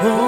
Oh.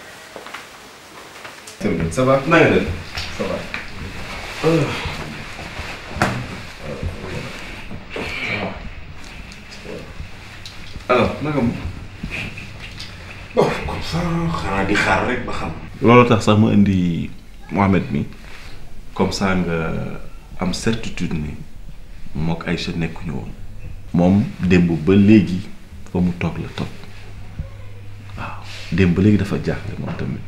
Thierno ça va na comme ça xanaa di xaar rek ba xam. loolu tax sax ma indi Mohamed mi comme ça nga am certitude ni mook Aïcha nekkuñu woon. moom démb ba léegi fa mu toog la toog waaw démb ba léegi dafa jaaxle moom tamit.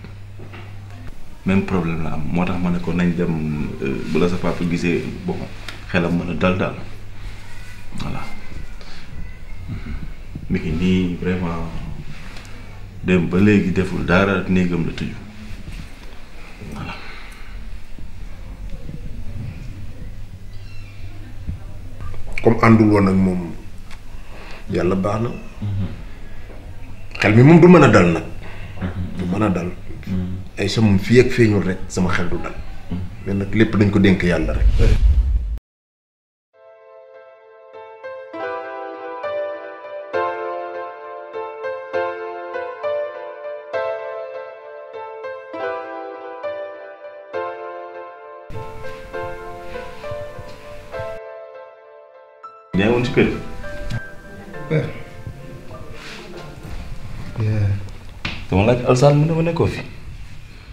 même problème la motax mané ko nañ dem bu la sa papa gisee bon xélam mëna dal dal voilà mi ngi nii vraiment dem ba légui deful dara négam la tuju voilà comme andul won ak mom yalla baxna na mhm. xel mi moom du mëna dal nak mhm. du mëna dal ay sa fi ak feeñul rek sama xel du dal mais nak lepp dañ ko denk yalla rek Jij woont spullen? Père. Ja. Toen laat ik al staan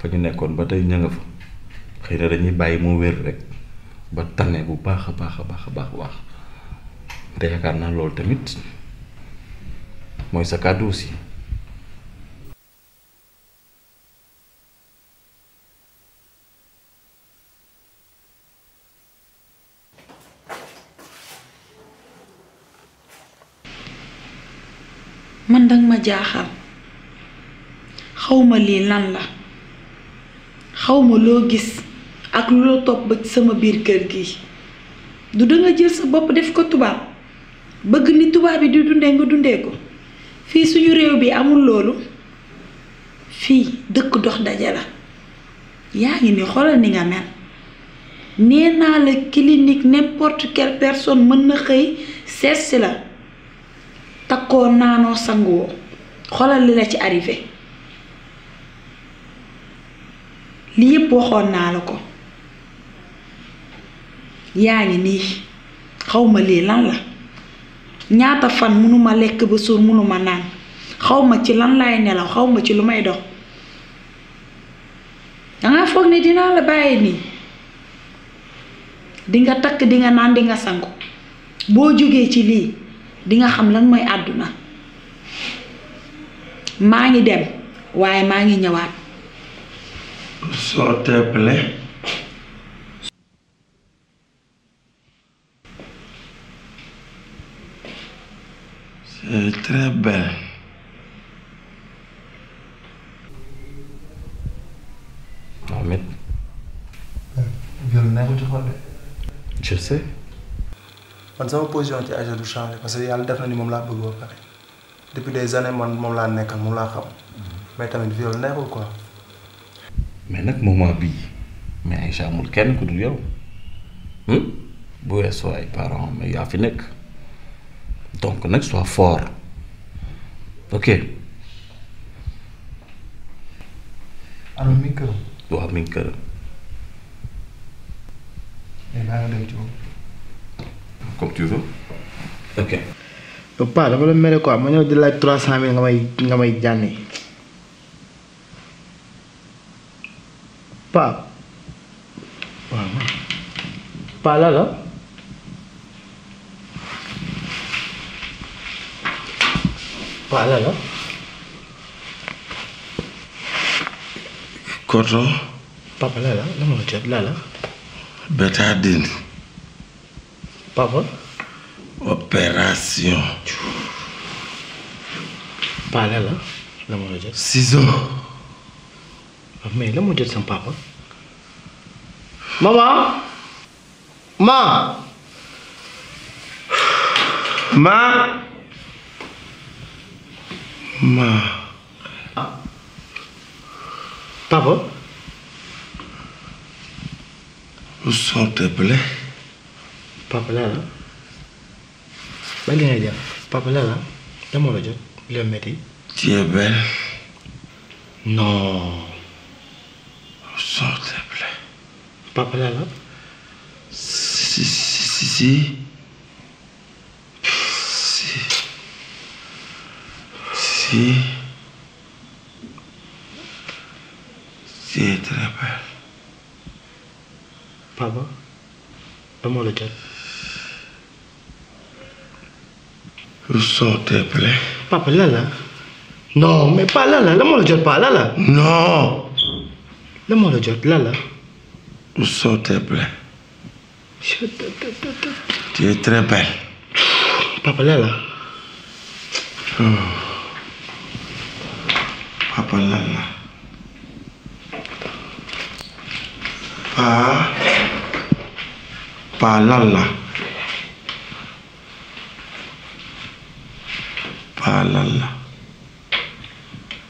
fa ñu nekkoon ba tey ña nga fa xëy na dañuy bàyyi mu wér rek ba tane bu baax a baax a baax a baax baax te yaakaar naa loolu tamit mooy sa kàddu aussi man dang ma jaaxal xawma lii lan la xawma lo gis ak lo top ba sama bir kër gi du da nga jël sa bop def ko tubaab bëgg ni tubaab bi du dundé nga dundé ko fii suñu réew bi amul lolu fi dëkk dox daje la yaa ngi ni xolal ni nga mel nee la clinique n'importe quelle personne mën na xëy seet la takko nano sango xolal li la ci arrivé li yep waxon na la ko yaangi ni xawma li lan la ñaata fan mënuma lek ba suur mënuma nan xawma ci lan lay nelaw xawma ci lumay dox da nga foog ne dina la nga tak di nga nan di nga sangu bo joge ci di nga xam lan moy aduna dem waye maa ngi S'il te C'est très belle. Mohamed. Viol sais. Je je sais. suis position à parce que je suis ni moom depuis des années mon suis là que xam mm-hmm. mais tamit viol quoi. mais nag moo ma bii mais Aïcha amul kenn ku dul yow hmm? bu weesoo ay parents mais ya fi nek donc nag sois fort ok. alors anu mi ngi këram. waaw mi ngi këram. mais dem ci moom. comme tu veux. ok. papa dafa la mere quoi ma ñëw di laaj 300000 nga may nga may jànni. Pas. Pas là, là. Pas là, là. Koto. Papa, là, là. Là, mon chef, là, là. Betadine. Papa. Opération. Pas là, là. Là, mon chef. Ciseaux mais la moo jot sama papa maman ma ma ma papa où sont tes plaies papa là, la ba li ngay papa là, la la moo la jot li la metti tu es belle non là là, Si, si, si, si. Si. Si. si très belle. Pardon Comment lequel Vous te plaît. Papa, là, là. Non, mais pas là, là. Là, moi, le job, pas là, là. Non. Là, moi, le job, là, là. Duso teble. Tu es très Papa Lala. Oh. Papa Lala. Pa. Pa Lala. Pa Lala.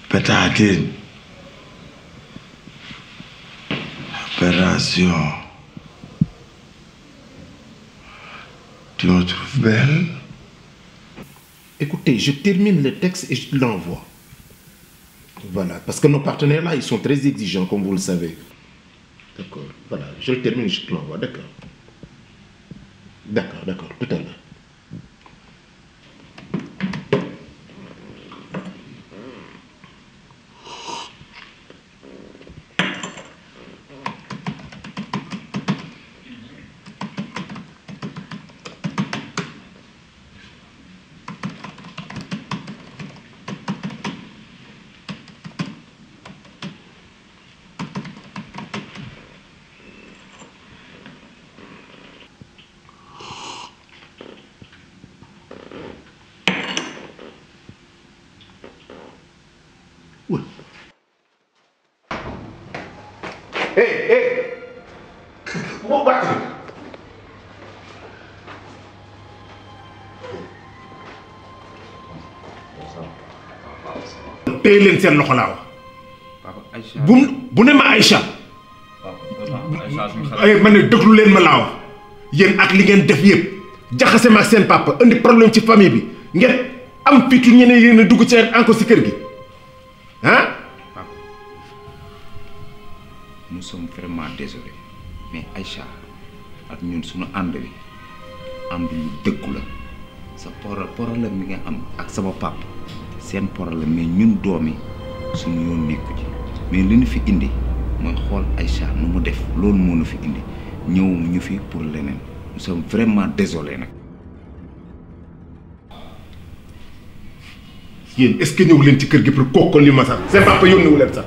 Petadine. Tu me trouves belle Écoutez, je termine le texte et je te l'envoie. Voilà, parce que nos partenaires là, ils sont très exigeants, comme vous le savez. D'accord, voilà, je le termine, je te l'envoie, d'accord. D'accord, d'accord, tout à l'heure. téy leen seen loxo laa wax bu bu ne ma Aïcha eh, ma ne déglu leen ma laa wax yéen ak li ngeen def yëpp jaxase ma seen papa indi problème ci famille bi ngeen am fitu ñeneen yéen a dugg ci encore ci kër gi hein nous sommes vraiment désolés mais Aïcha ak ñun suñu ànd wi ànd yu dëggu la sa problème mi nga am ak sama papa seen problème mais ñun doom yi suñu yoon nekku ci mais li ñu fi indi mooy xool Aïcha nu mu def loolu moo ñu fi indi ñëw ñu fi pour leneen nous sommes vraiment désolés nag. yéen est-ce que ñëw leen ci kër gi pour kookal li ma sax seen papa yónni wu leen sax.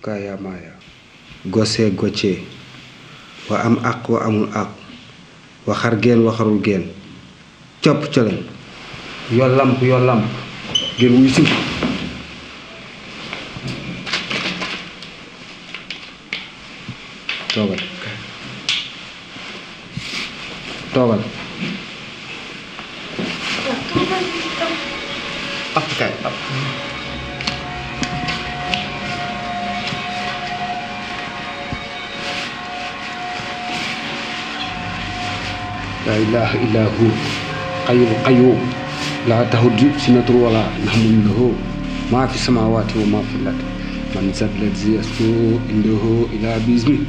kaya maya gose goce wa am ak wa amul ak wa xar gen wa xarul gen cop ci len yo lamp yo lamp gen wuy togal togal laa ilaaha illaa hu xayyul qayyuum laa taxuddu sinatun wa laa nawmun lahu maa fi samaawaati wa maa fil ard man zallazii yashfau indahu illaa biiznihi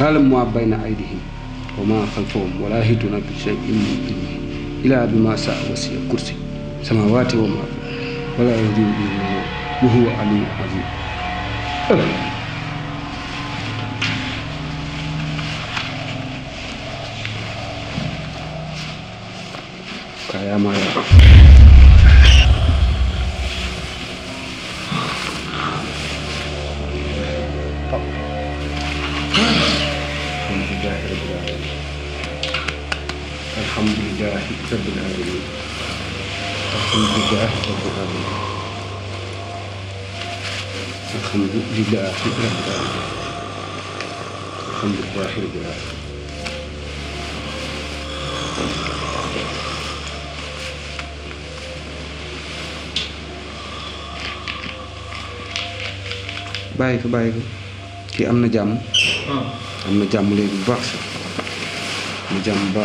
ya'lamu maa bayna aydihim wa maa xalfahum wa laa yuhiituuna bi shay'in min ilmihi illaa bimaa shaa'a wasi'a kursiyuhu samaawaati wa maa fil ard wa laa yahuuduhu hifzuhumaa wa huwa al-'aliyyul 'aziim ما يرام الحمد لله رب العالمين الحمد لله رب العالمين الحمد لله رب العالمين الحمد لله رب العالمين الحمد لله رب العالمين bàyyi ko bàyyi ko kii am na jàmm. Ah. am na jàmm léegi bu bax sax am na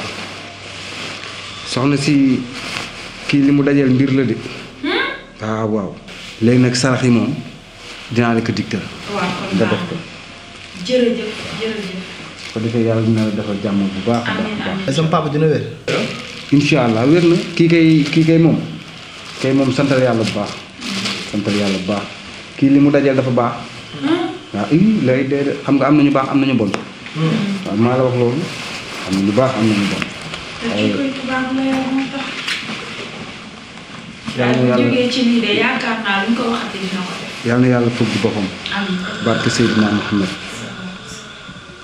soxna si ki limu dajel mbir la de. Hmm? ah waaw. leg nak sarax yi moom dinaa la ko digtal. nga def ko. jërëjëf jërëjëf. ko defee yalla dina la defal jàmm bu bax amiin sama papa dina wer inshallah allah wér na kii kay ki kay mom kay mom santal yalla bu bax hmm. santal yalla bu bax ki limu dajel dafa bax waaw ah, lay dee xam nga am na ñu baax am nañu bon hmm. waaw maa la wax loolu am nañu baax am nañu bon yàlla na yàlla yàlla na yàlla fëgg boppam barke Seydina Muhammad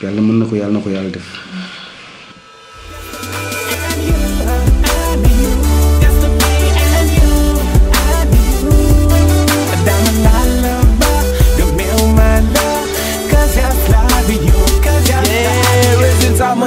yàlla mën na ko yàlla na ko yàlla def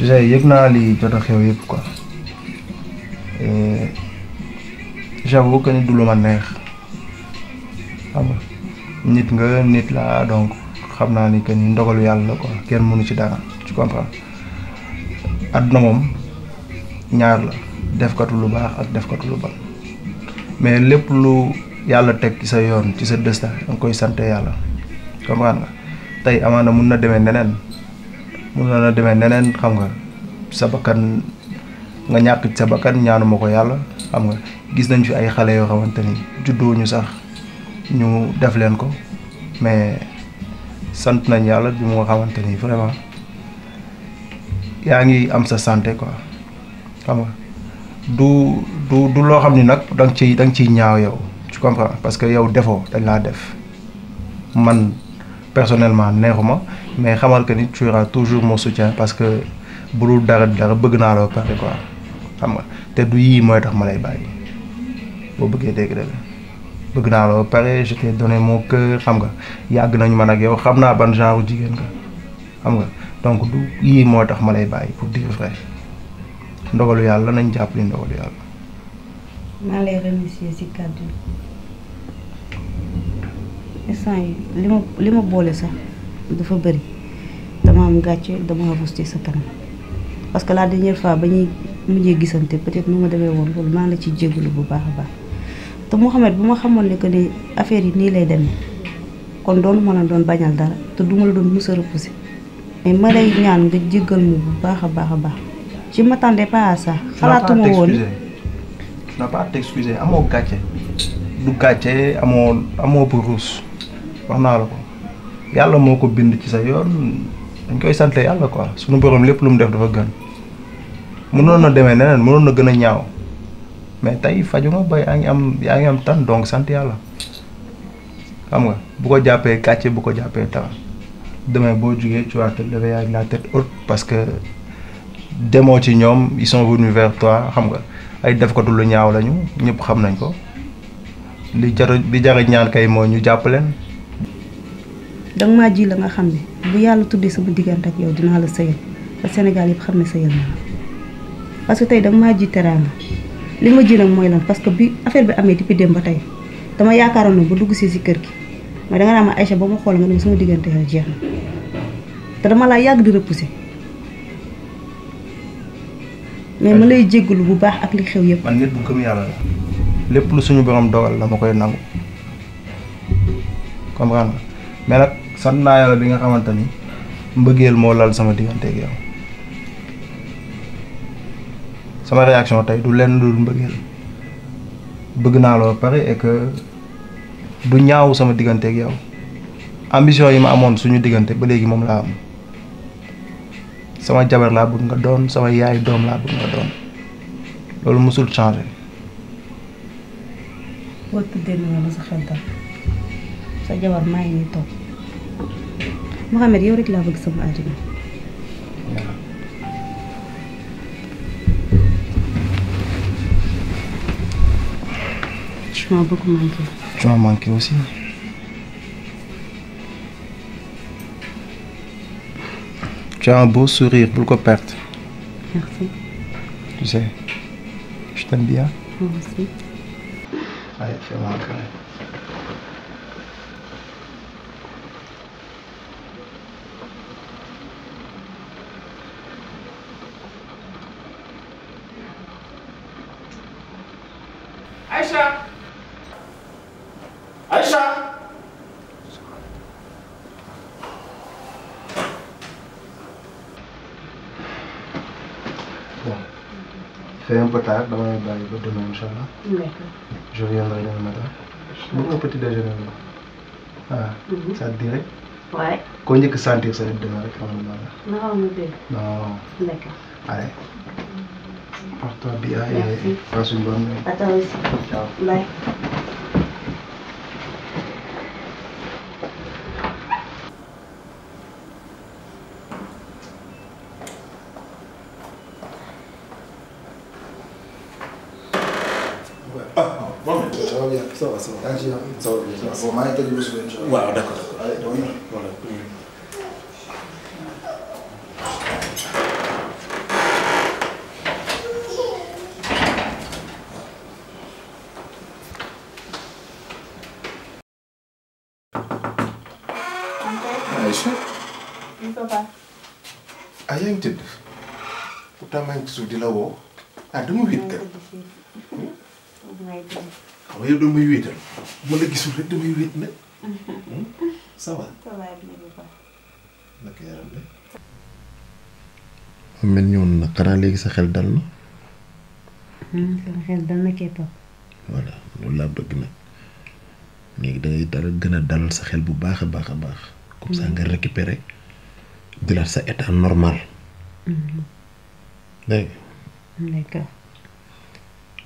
tu sais yëg naa li jot a xew yëpp quoi j'avoue que ni du lu ma neex xam nga nit nga nit laa donc xam naa ni que ni ndogalu yàlla la quoi kenn mënu ci dara tu comprends àdduna moom ñaar la defkatu lu baax ak defkatu lu bon mais lépp lu yàlla teg ci sa yoon ci sa destin nga koy sant yàlla comprendre nga tey amaana mun na demee neneen. mun na la demee neneen xam nga sa bakkan nga ñàkk sa bakkan ñaanuma ko yàlla xam nga gis nañ fi ay xale yoo xamante ni juddoo ñu sax ñu def leen ko mais sant nañ yàlla bi mu nga xamante ni vraiment yaa ngi am sa santé ko xam nga du du du loo xam ni nag da nga ciy da ciy ñaaw yow ci comprends parce que yow defoo dañ laa def man personnellement neexuma mais xamal que ni tu auras toujours mon soutien parce que bu dara dara bëgg naa la pare quoi xam nga te du yi mooy tax ma lay bàyyi boo bëggee dégg-dégg bëgg naa la pare je t'ai donné mon cœur xam nga yag nañu man ak yow xam na ban genre jigéen nga xam nga donc du yi moo tax ma lay pour dire vrai ndogalu yalla nañ jàpp ni ndogalu yalla malay remercier si kàddu yi lima, lima li ma dafa bëri dama am gàcce dama rus ci sa kanam parce que la dernière fois ba ñuy mujjee gisante peut-être nu ma demee woon loolu maa la ci jégalu bu baax a baax te Mouhamed bu ma xamoon ne que ne affaire yi nii lay deme kon doon mën a doon bañal dara te du ma la doon mus a repousser ma lay ñaan nga jégal mu bu baax a baax a baax ci m'attendais pas à ça xalaatuma woon tu n'as pas amoo gàcce du gàcce amoo amoo bu ruus wax naa la ko yàlla moo ko bind ci sa yoon dañ koy sant yàlla quoi suñu borom lépp lu mu def dafa gën mënoon na demee neneen mënoon na gën a ñaaw mais tey faju nga ba yaa ngi am yaa ngi am tan donc sant yàlla xam nga bu ko jàppee kàcce bu ko jàppee tawa demain boo jugee tu vas te lever avec la tête haute parce que demoo ci ñoom ils sont venus vers xam nga ay def katul lu ñaaw lañu ñëpp xam nañ ko li jar li jar ñaan kay mooy ñu jàpp leen dang ma ji la nga xam bu yalla tuddé sama diggante ak yow dina la sëyal ba sénégal yépp xamné ne sëyal parce que tay dang ma ji teraanga li ma ji nak moy lan parce que bi affaire bi amé depuis dem ba tay dama yaakaaroon ne bu dugg ci ci kër gi ma da nga na ma Aïcha bama xol nga ne sama diggante yow jeex na té dama la yàgg di repousser mais ma lay jéggulu bu baax ak li xew yépp man nit bu gëm yalla la lépp lu suñu borom dogal la makoy nangu comprendre mais nak san na yalla bi nga xamante mbeugel mo lal sama ak yow sama réaction tay du lenn begil, dul mbeugel bëgg na lo pare et que du ñaaw sama ak yow ambition yi ma amone suñu digante ba léegi mom la am sama jabar labun bëgg nga doon sama yaay doom labun bëgg nga doon lolou musul changer. boo na sa xel sa jabar maa ngi Mohamed yow rek la bëgg sama àddina. tu m'as beaucoup manqué. tu m'as manqué aussi. tu as un beau sourire Pourquoi perte. merci. tu sais je t'aime bien. moi aussi. allez fais-moi un câlin. Bon. Il fait un peu tard, demain, demain Inch'Allah. D'accord. Je viendrai demain matin. Beaucoup un petit déjeuner. Ah, mm -hmm. ça te dirait Ouais. Qu'on dit que sentir ça demain avec Non, non. Non. D'accord. Allez. Porte-toi bien Merci. et passe une bonne nuit. À toi aussi. Ciao. Bye. そうそう。そうです。Voor mij te dus wens. Wow, d'accord. Allez, donc. Voilà. Aisha? Oui, papa. Aya yang tidur. Utama yang sudah lawo. Aduh, mungkin kan? xam nga yow damay wéetal ma la gisul rek damay wéet nag. Hmm? ça va. ça va naka yaram bi. Amel xanaa léegi sa xel dal na. Hmm, sama xel dal na kay papa. voilà laa bëgg nag léegi da dal gën a dal sa xel bu baax a baax a baax. comme ça hmm. nga récupérer jëlaat sa état normal. dégg nga. d'accord.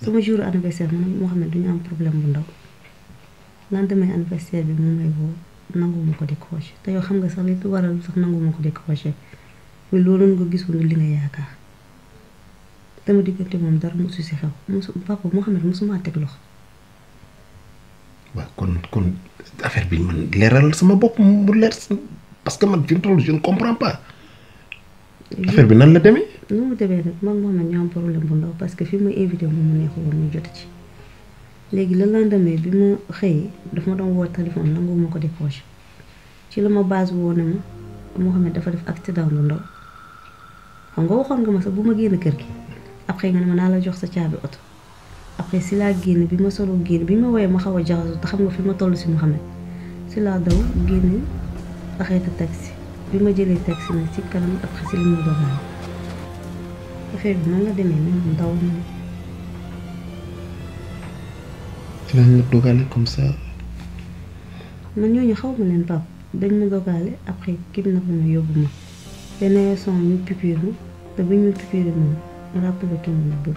sama jour anniversaire mo mo xamne duñu am problème bu ndaw lendemain anniversaire bi mo may woo nanguma ko décrocher te yow xam nga sax li waral sax nanguma ko décroché mais loolu nga gisul li nga yaakaar dama diggante mom dara mosu si xew su papa moo xam ne mosuma tek lox wa kon kon affaire bi man leral sama bop mu leral parce que man fi mu je ne comprends pas affaire bi nan la demee. nu mu demee nag moom moom la ñu am bu ndaw parce que fi mu invité moom mu neexul woon jot ci léegi le lendemain bi ma xëyee daf ma doon woo téléphone nangu ma ko décroché ci la base woo ne ma Mouhamed dafa def accident bu ndaw xam nga waxoon nga ma sax bu ma génn kër gi après nga ne naa la jox sa caabi oto après si laa génn bi ma solo génn bi ma woowee ma xaw a jaxasoo te xam nga fi ma toll si Mouhamed si laa daw génn arrêté taxi. bi ma jëlee taxi nag ci kanam ab xasil ma dogal affaire bi nan la demee ne ndaw na ci lan la dogale comme ça man ñooñu xaw ma leen pap dañ ma dogale après kidnappé ma yóbbu ma te nee son ñu pipiiru te bu ñu pipiiru moom rappelé ki ma bëgg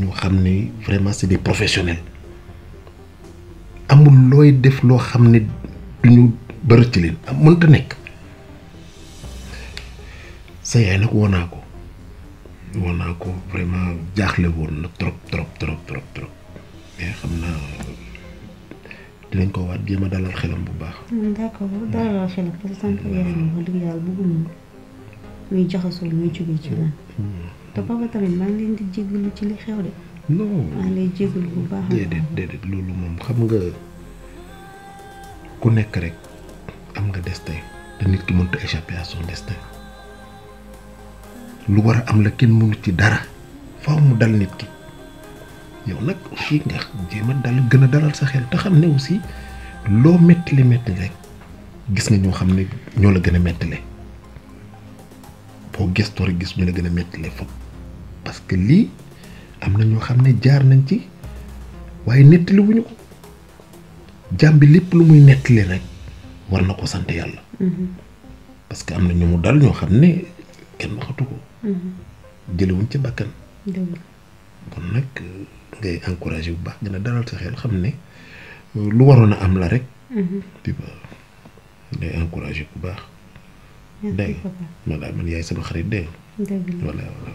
ñu xam vraiment c'est des professionnels amul loy def lo xamné duñu bëri ci leen am mënta nekk sa yaay nag woo naa ko woo naa vraiment jaxlé woon na trop trop trop trop trop mais xamna naa dinañ ko waat jéem a dalal xelam bu baax. Mm, d'accord dalal xelam parce que sànq yaay ma wax dëgg yàlla bëgguñu muy jaxasoo muy jógee ci moom. te booba hmm. tamit maa ngi leen di jégalu ci li xew ya, de. non maa ah, ngi lay jégalu bu baax a baax. déedéet déedéet loolu moom xam nga ku nekk rek am nga destin te nit ki mënut échapper à son destin lu war a am la kenn mënu ci dara faaw mu dal nit ki yow nag aussi nga jéem a dal gën a dalal sa xel te xam ne aussi loo metti li metti rek gis nga ñoo xam ne ñoo la gën a mettile boo gëstoo rek gis ñu la gën a mettile parce que lii am na ñoo xam ne jaar nañ ci waaye nettali wuñu ko jàmm bi lépp lu muy nettali rek war na ko sant yàlla. Mhm. parce que am na ñu mu dal ñoo xam ne kenn waxatu ko. Mhm. jëlewuñ ca bakkan. kon nag euh, ngay encouragé bu baax dina dalal sa xel xam ne euh, lu waroon a am la rek. Mhm. tu ngay encouragé bu baax. dégg nga man yaay sama xarit dégg nga. voilà voilà.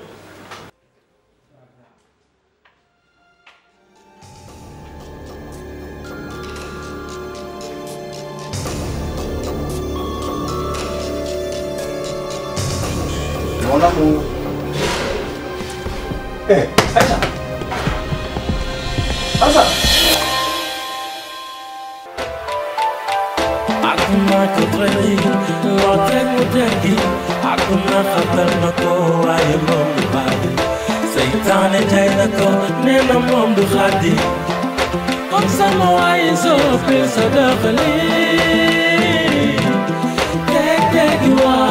la moom du xaddi comme sama waaye soo pil sa dëkkali kekk kekk waa